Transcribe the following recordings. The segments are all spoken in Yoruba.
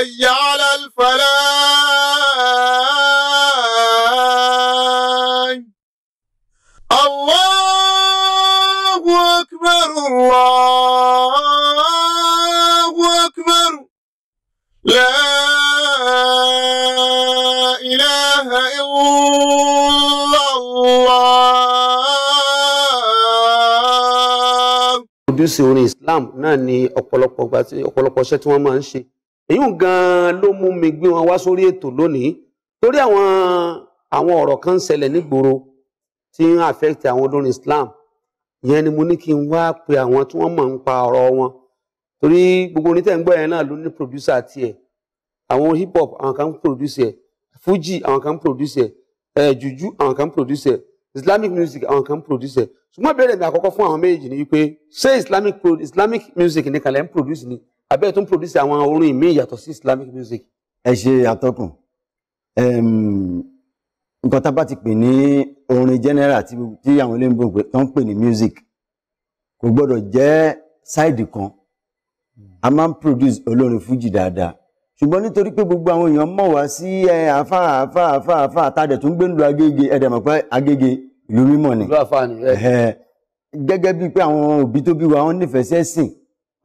حي على الفلاح الله أكبر الله أكبر لا إله إلا الله ojúṣe orin Islam náà ni ọ̀pọ̀lọpọ̀ iṣẹ́ tí wọ́n máa ń ṣe èyí gan ló mú mi gbé wọn wá sórí ètò lónìí torí àwọn àwọn ọ̀rọ̀ kan ń ṣẹlẹ̀ nígboro tí ń affect àwọn olórin Islam ìyẹn ni mo ní kí n wá pe àwọn tí wọ́n mọ̀ ń pa ọ̀rọ̀ wọn torí gbogbo onítẹ̀ǹgbọ́ yẹn náà ló ní producer tiẹ̀ àwọn hip hop àwọn kan ń produce ẹ̀ fuji àwọn kan ń produce ẹ̀ ẹ̀ eh, juju àwọn kan ń produce ẹ̀ islamic music àwọn kan ń produce ẹ̀ ṣùgbọ́n ìbéèrè mi àkọ́kọ́ fún àwọn méjèèjì ni wípé ṣé islamic islamic music ni lẹ́ ń produce ni abẹ́ẹ̀ tó ń produce àwọn orin míì yàtọ̀ sí islamic music. ẹ ṣe àtọkùn nǹkan tá a bá ti pè ní orin general tí àwọn olóyìnbó tó ń pè ní music kò gbọ́dọ̀ jẹ́ side kan a máa ń produce olórin fújì dáadáa ṣùgbọ́n nítorí pé gbogbo àwọn èèyàn mọ̀ wá sí ẹ àfà àfà àfà àfà àtàdẹ̀ tó ń gbé nílùú agége ẹ̀dẹ̀ mọ̀ pé agége ìlú mímọ́ ni gẹ́gẹ́ bíi pé àwọn òbí tó bí wa wọ́n nífẹ̀ẹ́ sẹ́sìn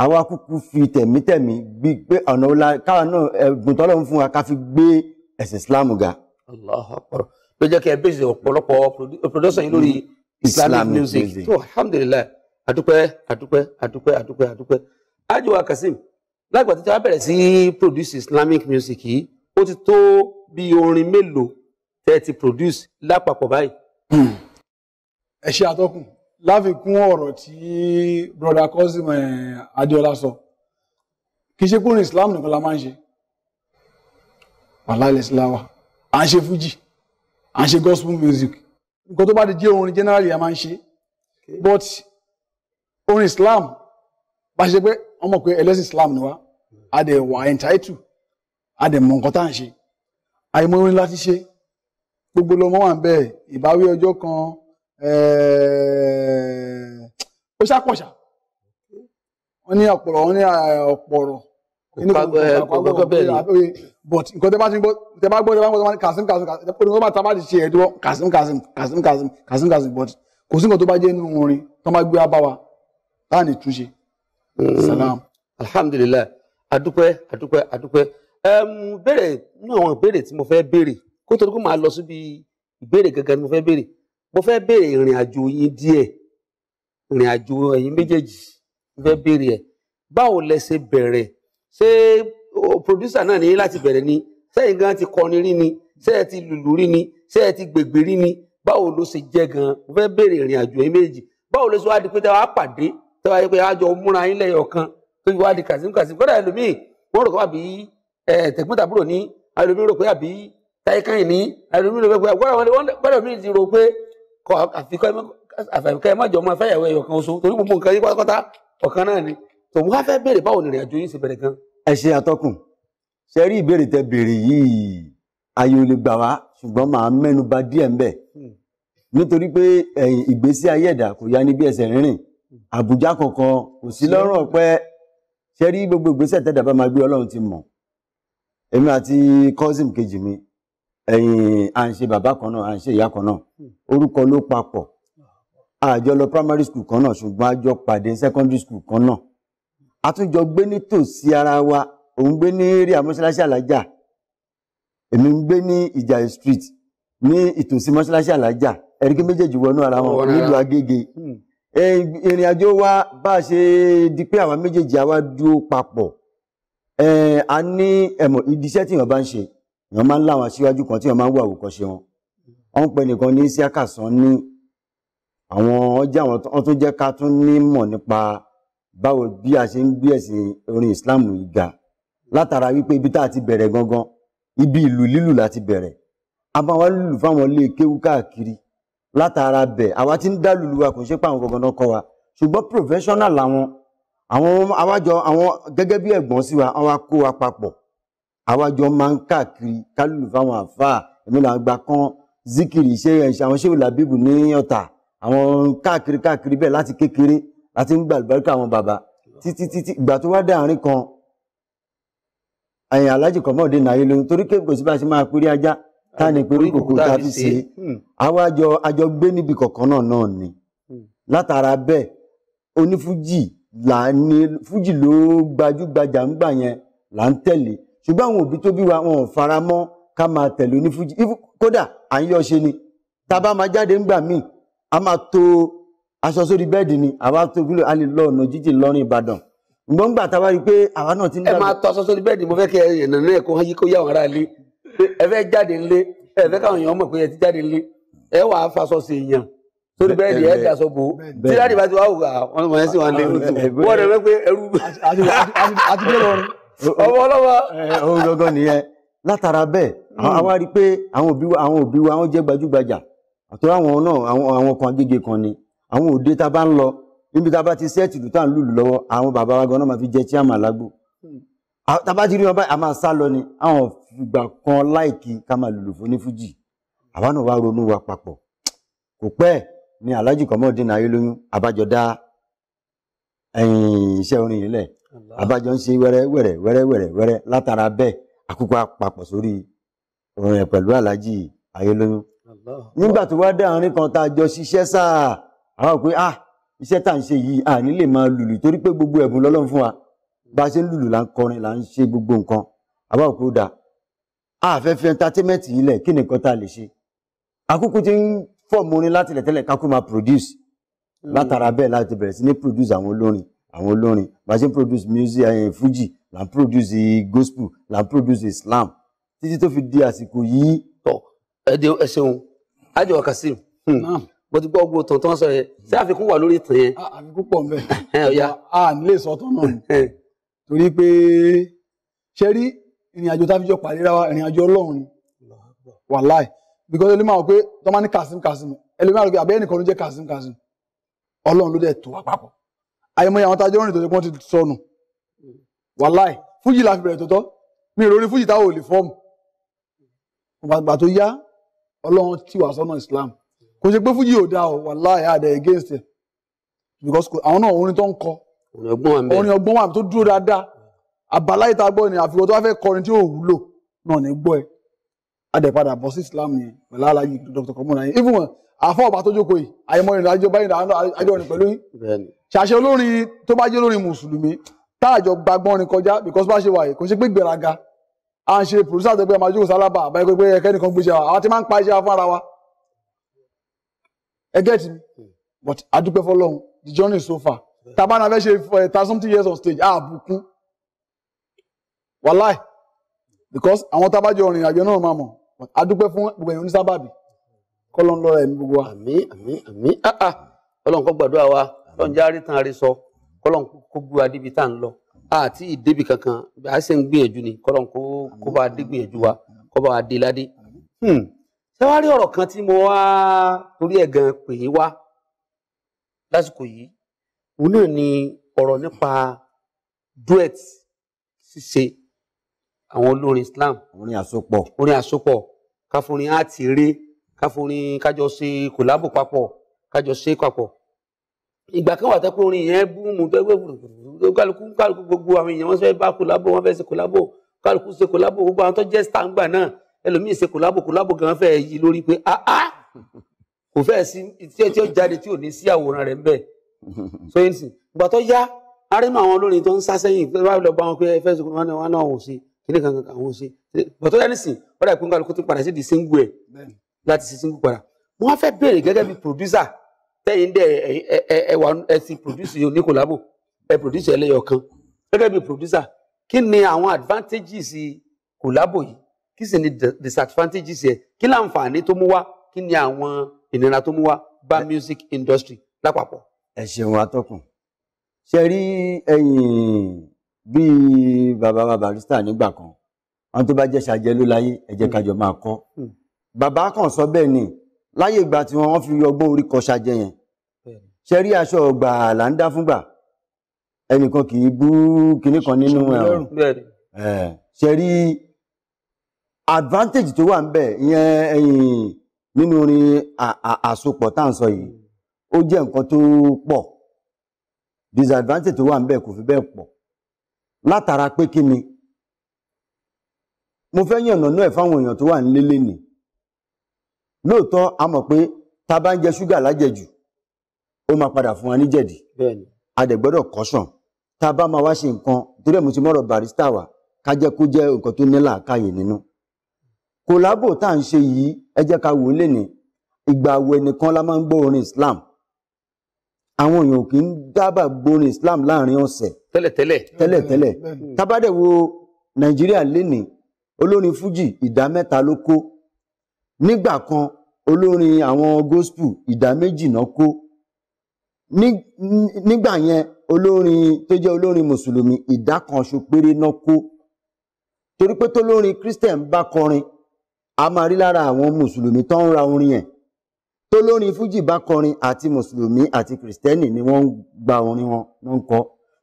àwọn akúkú fi tẹ̀mítẹ̀mí bí pé ọ̀nà ọ̀la káwọn náà ẹ̀bùn tọ́lọ́run fún wa ká fi gbé ẹ̀sìn Islam ga. Allahu Akbar ló jẹ́ kí ẹ bèsè ọ̀pọ̀lọpọ̀ production yìí lórí mm-hmm. Islamic music tó alhamdulillah adúpẹ́ adúpẹ́ adúpẹ́ adúpẹ́ adúpẹ́ ajiwa Kazeem lágbà tí a bẹ̀rẹ̀ sí produce Islamic music yìí ó ti tó bí orin mélòó tẹ́ ti produce lápapọ̀ báyìí. ẹ ṣe atọ́kùn láfikún ọ̀rọ̀ tí broda cousin eh, Adéọlá sọ kì í ṣe kúrin Islam nìkan la máa ń ṣe wàhálà ilẹ̀ síláwà à ń ṣe fújì à ń ṣe gospel music nǹkan tó bá ti jẹ́ orin generally a máa ń ṣe but orin Islam bá ṣe pé ọmọ pé ẹlẹ́sìn Islam ni wá a dẹ̀ wà entitled a dẹ̀ mọ nǹkan tá à ń ṣe àìmọ̀ orin láti ṣe gbogbo lọmọ wà ń bẹ́ẹ̀ ìbáwí ọjọ́ kan ó eh, ṣàpọ̀ṣà wọ́n ní ọ̀pọ̀rọ̀ wọ́n ní eh, ọ̀pọ̀rọ̀ eh, but nǹkan tẹ bá ti gbọ́ tẹ bá gbọ́ tẹ bá gbọ́ tẹ bá ní kasim kasim kasim tó bá ta bá ti ṣe ẹ̀dúrọ̀ kasim kasim kasim kasim kasim kasim but kò sí nǹkan tó inú orin hmm. salam. alhamdulilayi adúpẹ́ adúpẹ́ adúpẹ́ béèrè nínú àwọn ìbéèrè tí mo fẹ́ béèrè kó tó ní kó máa lọ síbi ìbéèrè gẹ́gẹ́ ni mo fẹ́ béèrè mo fẹ́ béèrè ìrìn àjò yín díẹ̀ ìrìn àjò ẹ̀yin méjèèjì mo fẹ́ béèrè ẹ̀ báwo lẹ ṣe bẹ̀rẹ̀ ṣé producer náà ní láti bẹ̀rẹ̀ ni sẹ́yìn gan ti kọrin rí ni ṣé ẹ ti lùlù rí ni ṣé ẹ ti gbègbè rí ni báwo ló ṣe jẹ́ gan mo fẹ́ béèrè ìrìn àjò ẹ̀yin méjèèjì báwo ló ṣe wá di pé tẹ́wàá pàdé tẹ́wàá yẹ pé àjọ múra yín lẹ́yọ̀ kan tó yẹ wá di kàzím kàzím kọ́dà ẹlòmíì wọ́n rò kọ́ àbí tẹ̀gbọ́ntàbúrò ní ẹlòmíì rò pé àbí táyé káyìn ní ẹlòmíì rò pé kọ́ àfikẹ́ ẹ má jọ máa fẹ́yàwó ẹyọ kan oṣù torí gbogbo nǹkan yín pátápátá ọ̀kan náà ni tòun wá fẹ́ béèrè báwo ni ìrìnàjò yín ṣe bẹ̀rẹ̀ gan. ẹ ṣe àtọkùn ṣe rí ìbéèrè tẹ béèrè yìí ayé ò lè gbà wá ṣùgbọ́n màá mẹ́nu bà díẹ̀ ńbẹ̀ hmm. nítorí pé ìgbésí ayé ẹ̀dá kò yá ní bí ẹsẹ̀ rírìn àbùjá kankan kò sí lọ́rùn ọ̀pẹ ṣe rí gbogbo ìgbésẹ̀ tẹ́dà bá máa gbé ọlọ́run ti mọ̀ èmi àti ẹ̀yìn à ń ṣe bàbá kan náà à ń ṣe ìyá kan náà orúkọ ló papọ̀ àjọ lọ primary school kan náà ṣùgbọ́n àjọ pàdé secondary school kan náà a tún jọ gbé nítòsí ara wa òun gbé ní area mọ́ṣáláṣí alájà èmi ń gbé ní ìjàyè street ní ìtòsí mọ́ṣáláṣí alájà ẹ̀ríkí méjèèjì wọnú ara wọn nílùú agége hmm. ìrìn àjò wa bá a ṣe di pé àwa méjèèjì àwa dúró papọ̀ a ní ẹ̀mọ̀ ìdíṣẹ́ tí èèyàn bá ń ṣe èèyàn máa ń láwọn aṣíwájú kan tí èèyàn máa ń wà àwòkọ́ṣe wọn wọ́n pè nìkan ní Isiaka Sanni àwọn ọjà àwọn tó tún jẹ́ ká tún ní mọ̀ nípa báwo bí a ṣe ń gbé ẹ̀sìn orin Islam ga látara wípé ibi tá a ti bẹ̀rẹ̀ gangan ibi ìlú lílù láti bẹ̀rẹ̀ a máa wá lùlù fáwọn ilé kéwú káàkiri látara bẹ̀ àwa ti ń dá lùlù wa kò ṣe pé gangan náà kọ́ wa ṣùgbọ́n professional làwọn àwọn àwájọ àwọn gẹ́gẹ́ bí ẹ̀gbọ́n sí wa àwọn akó wa papọ̀ àwa jọ máa ń káàkiri kálù fáwọn àfáà èmi là ń gba kán zikiri ṣe ẹṣẹ àwọn ṣéwù làbíbù ní ọ̀tà àwọn káàkiri káàkiri bẹ́ẹ̀ láti kékeré láti ń gba àlùbáríkà àwọn bàbá títí títí ìgbà tó wá dé àárín kan ẹ̀yìn alájì kọmọdé náà yìí lóyún torí kéèkó sí bá ṣe máa péré ajá tá ní péré kòkó tá fi ṣe hmm. àwa àjọ àjọ gbé níbi kọ̀ọ̀kan náà náà ni hmm. látara bẹ́ẹ̀ onífújì là ní fújì ló gbajúgbajà ń gbà yẹn là ń tẹ̀lé ṣùgbọ́n àwọn òbí tó bí wa wọn ò fara mọ́ ká máa tẹ̀lé onífújì kódà à ń yọ ṣe ni tá a bá máa jáde ńgbà míì a máa to aṣọ sórí bẹ́ẹ̀dì ni àwa tó bí a lè lọ ọ̀nà jíjìn lọ́rin Ìbàdàn ǹgbọ́n gbà tá a bá rí i pé àwa náà ti ń dàgbà. ẹ máa to aṣọ sórí bẹ́ẹ̀dì mo fẹ́ kí ẹ̀nà náà kó yí kó yá àwọn ará ilé ẹ fẹ́ jáde ńlé ẹ fẹ́ káwọn èèyàn mọ̀ pé ẹ ti jáde ńlé ẹ wàá faṣọ sí èèyàn tí láti bá ti wá wò ká wọn sì wá lé wọn rẹ pé ẹrú ọmọ ọlọ́mọ. ohun gangan nìyẹn látara bẹ́ẹ̀ àwa rí i pé àwọn òbí wa àwọn òbí wa wọ́n jẹ́ gbajúgbajà àtọ́ àwọn náà àwọn kan agége kan ni àwọn òde tá a bá ń lọ níbi tá a bá ti sẹ́ẹ̀tì lù tá à ń lùlù lọ́wọ́ àwọn bàbá wa gan náà máa fi jẹ chairman lágbo tá a bá ti rí wọn báyìí a máa sá lọ ni àwọn ìgbà kan láìkí ká máa lùlù fún ní fújì àwa náà wá ronú wa papọ̀ kò pẹ́ ni Alhaji Kamorudeen Ayeloyun àbájọ dá iṣẹ́ orin yìí lẹ̀ abájọ ń ṣe wẹrẹ wẹrẹ wẹrẹ wẹrẹ wẹrẹ látara bẹ́ẹ̀ àkókò àpapọ̀ sórí orin ẹ̀ pẹ̀lú aláàjì ayélóyún nígbà tó wá dá àárín kan tá a jọ ṣiṣẹ́ sáà àwọn pé ah iṣẹ́ tá à ń ṣe yìí à ní lè máa lùlù torí pé gbogbo ẹ̀bùn lọ́lọ́run fún wa bá a ṣe ń lùlù là ń kọrin là ń ṣe gbogbo nǹkan àbá òkú dà àfẹ́fẹ́ entertainment yìí lẹ̀ kí nìkan tá a lè ṣe àkókò tí ń fọ̀ mọ́rin láti lẹ̀ tẹ́lẹ̀ kákó máa produce hmm. látara bẹ́ẹ̀ láti bẹ̀rẹ̀ sí ní produce àwọn olórin àwọn olórin bá ṣe ń produce music uh, eh, fuji là ń produce gospel là ń produce islam títí tó fi di àsìkò yìí. tọ ẹ de ẹ ṣeun ájọ kasim hmm. mo ti gbọ́ ogun tán tán sọ yẹn ṣé àfikún wà lórí ìtàn yẹn. Ah, àfikún pọ̀ nbẹ a nílé sọ́tọ̀ náà ni torí pé ṣe rí ìrìn àjò tá a fi jọ pàdé ra ìrìn àjò ọlọ́run wàláì because olú máa wọ pé tọ́mọ ní kasim kasim ẹlòmíràn rẹ pé àbẹ́ ẹnìkan ló jẹ́ kasim kasim ọlọ́run ló dẹ̀ tó wá papọ̀ àìmọye àwọn tajọ́ rìn tó ṣe pọ́n ti sọnù wàláì fújì la fi bẹ̀rẹ̀ tó tọ́ mi ò lórí fújì táwọn ò lè fọ́ọ̀mù àgbà tó yá ọlọ́run tì wá sọ́nà Islam kò ṣe pé fújì ò dáa o wàláì àdẹ against ẹ̀ because àwọn náà orin tó ń kọ orin ọgbọ́n wà tó dúró dáadáa àbálá ìta gbọ́ ni àfikún tó wá fẹ́ kọrin tí ò wúlò náà ní gbọ́ ẹ adẹ̀padà bọ̀ sí Islam ni. pẹ̀lú aláàjì Dr. Komolayin even àfọ̀ ọ̀bà tó jókòó yìí àìmọye ìrìnàjò báyìí àjọ rìn pẹ̀lú yìí ṣàṣẹ olórin tó bá jẹ́ olórin mùsùlùmí táàjọ gbagbọ́n ni kọjá because bá ṣe wà yìí kò ṣe pé gbéraga à ń ṣe pòròsà tó gbé àmàjókòó sálábà àbáyé pé ẹkẹ́nìkan gbéṣẹ́ wa àwa ti máa ń pa iṣẹ́ wa fún ara wa ẹ gẹ́tì but adúpẹ́ fọlọ́run the journey so far tabana fẹ́ ṣe eh, ta something years on stage àbùkún wàláì because àwọn tábàjọ ọ̀rìn àjọ náà máa mọ̀ adúpẹ́ fún gbogbo ẹ̀yìn onísábàbí kọ́lọ́n lọ́ra ẹ̀mí gbogbo wa. àmín àmín àmín ah ah ọlọ́run kó gbàdúrà wa lọ́njà àrítàn àrísọ kọ́lọ́n kó gbé wa débi tá à ń lọ àti ìdébì kankan a ṣe ń gbìyànjú ni kọ́lọ́n kó kó bá dé gbìyànjú wa kó bá dé ládé. Hmm. ṣé wàá rí ọ̀rọ̀ kan tí mo wá torí ẹ̀ gan pè é wá lásìkò yìí òun náà ni ọ̀rọ̀ nípa duet ṣíṣe àwọn olórin Islam. orin àsopọ̀. orin àsopọ̀ káforin á ti rí káforin kájọ ṣe kòlábò papọ̀ kájọ ṣe papọ̀ ìgbà kan wà tẹ́kọ̀ orin yẹn bú mu tó ẹgbẹ́ gbogbo kálukú kálukú gbogbo àwọn èèyàn wọ́n fẹ́ bá kòlábò wọ́n fẹ́ ṣe kòlábò kálukú ṣe kòlábò gbogbo àwọn tó jẹ́ stangba náà ẹlòmíì ṣe kòlábò kòlábò gan fẹ́ yí lórí pé áá ah, ah! kò fẹ́ sí iṣẹ́ tí ó jáde tí ò ní sí àwòrán rẹ̀ bẹ́ẹ̀ so yín sìn ìgbà tó yá arímọ̀ àwọn olórin tó ń sá sẹ́yìn pé wọ́n lọ bá wọn pé ẹ fẹ́ ṣe kòlábò wọn náà wò sí kíní kan kan àwọn ṣe ìgbà tó yá nísìn wọ́n dà pé kálukú tó padà sí di single ẹ̀ láti ṣe single padà wọ́n fẹ́ béèrè gẹ́gẹ́ bí producer tẹ́yìn dẹ̀ ẹ wà ẹ ti produce yìí ní collabo ẹ producer ẹlẹ́yọ̀ kan gẹ́gẹ́ bi producer kí ni àwọn advantages collabo yìí kí sì ni disadvantages yẹ kí láǹfààní tó mú wá kí ni àwọn ìnira tó mú wá bá music industry lápapọ̀. ẹ ṣeun atọ́kùn ṣe rí ẹ̀yin bíi bàbá wa barista nígbà kan àwọn tó bá jẹ́ ṣàjẹ́ ló láyé ẹ jẹ́ ká jọ máa kọ́ hmm. bàbá kan sọ bẹ́ẹ̀ ni. Mm láyé ìgbà tí wọ́n fi ọgbọ́n orí kọ ṣajẹ yẹn ṣe rí aṣọ ọgbà là ń dá fúngbà ẹnìkan kì í bú kinní kan nínú ẹ̀rọ ṣe rí advantage tó wà ń bẹ ìyẹn ẹ̀yìn nínú orin àsopọ̀ tá à ń sọ yìí ó jẹ́ nǹkan tó pọ̀ disadvantage tó wà ń bẹ kò fi bẹ́ẹ̀ pọ̀ látara pé kí ni mo fẹ́ yànnàná ẹ̀ fáwọn èèyàn tó wà ń lélẹ̀ nìí lóòótọ́ a mọ̀ pé tá a bá ń jẹ ṣúgà lájẹjù ó máa padà fún wa níjẹ̀dí a kọ́sàn tá bá máa wá ṣe nǹkan torí ẹ̀ mo ti mọ̀rọ̀ barista wa ká jẹ́ kó jẹ́ nǹkan tó ní làákàyè nínú kòlábò tá à ń ṣe yìí ẹ jẹ́ ká wò ó lè ní ìgbà àwẹ̀ nìkan la máa ń gbọ́ orin Islam àwọn èèyàn kì í dábà gbórin Islam láàrin ọ̀sẹ̀ tẹ́lẹ̀tẹ́lẹ̀ tẹ́lẹ̀tẹ́lẹ̀ tá bá dẹ̀ wo Nàìjíríà lénìí olórin Fuji ìdá mẹ́ta ló kó nígbà kan olórin àwọn gospel ìdá méjì náà kó nígbà yẹn olórin tó jẹ́ olórin mùsùlùmí ìdá kan ṣo péré náà kó torí pé tolórin christian bá kọrin a máa rí lára àwọn mùsùlùmí tó ń ra orin yẹn tolórin fújì bá kọrin àti mùsùlùmí àti kìrìsìtẹ́nì ni wọ́n ń gba orin wọn ló ń kọ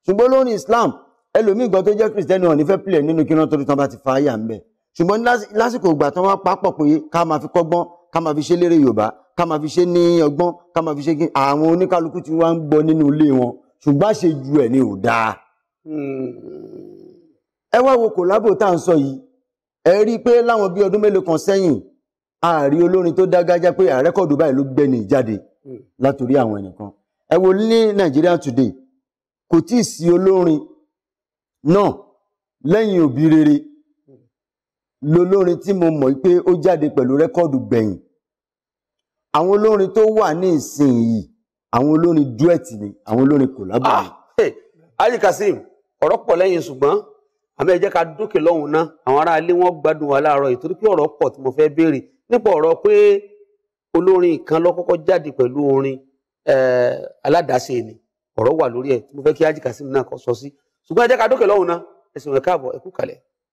ṣùgbọ́n olórin islam ẹlòmíì gan tó jẹ́ kìrìsìtẹ́nì wọn ní fẹ́ pilẹ̀ nínú kí wọ́n torí tán bá ti fa àyà ń bẹ̀ ṣùgbọ́n lásìkò ìgbà tí wọ́n papọ̀ pé ká máa fi kọ́gbọ́n ká máa fi ṣe lérè yorùbá ká máa fi ṣe ní ọgbọ́n ká máa fi ṣe kí àwọn oníkálukú tí wọ́n ń gbọ́ nínú ilé wọn ṣùgbọ́n àṣejù ẹ̀ ni ò dáa. ẹ wá wo kòlábò tá à ń sọ yìí ẹ rí i pé láwọn bíi ọdún mélòó kan sẹ́yìn ààrí olórin tó dágájá pé àrẹ́kọ̀dù báyìí ló gbẹ́ni jáde látòrí àwọn ẹnìkan ẹ wo ní Nigeria Today kò tí ì sí olórin náà lẹ́yìn òbí rere lolórin tí mo mọ̀ pé ó jáde pẹ̀lú rẹ́kọ́ọ̀dù gbẹ̀yìn àwọn olórin tó wà ní ìsinyìí àwọn olórin duet ni àwọn olórin collabo ni. Ah, Alhaji Kazeem ọ̀rọ̀ pọ̀ lẹ́yìn ṣùgbọ́n àmọ́ ẹ jẹ́ ká dókè lọ́hùn náà àwọn ará ilé wọn gbádùn wa láàárọ̀ ìtorí pé ọ̀rọ̀ pọ̀ tí mo fẹ́ béèrè nípa ọ̀rọ̀ pé olórin kan ló kọ́kọ́ jáde pẹ̀lú orin aládàáṣe ni ọ̀rọ̀ wà lórí ẹ̀ tí mo fẹ́ kí Alhaji Kazeem náà kọ́ sọ sí ṣùgbọ́n ẹ ká dókè lọ́hùn náà ẹ̀sìn rẹ̀ káàbọ̀ ẹ kalẹ̀.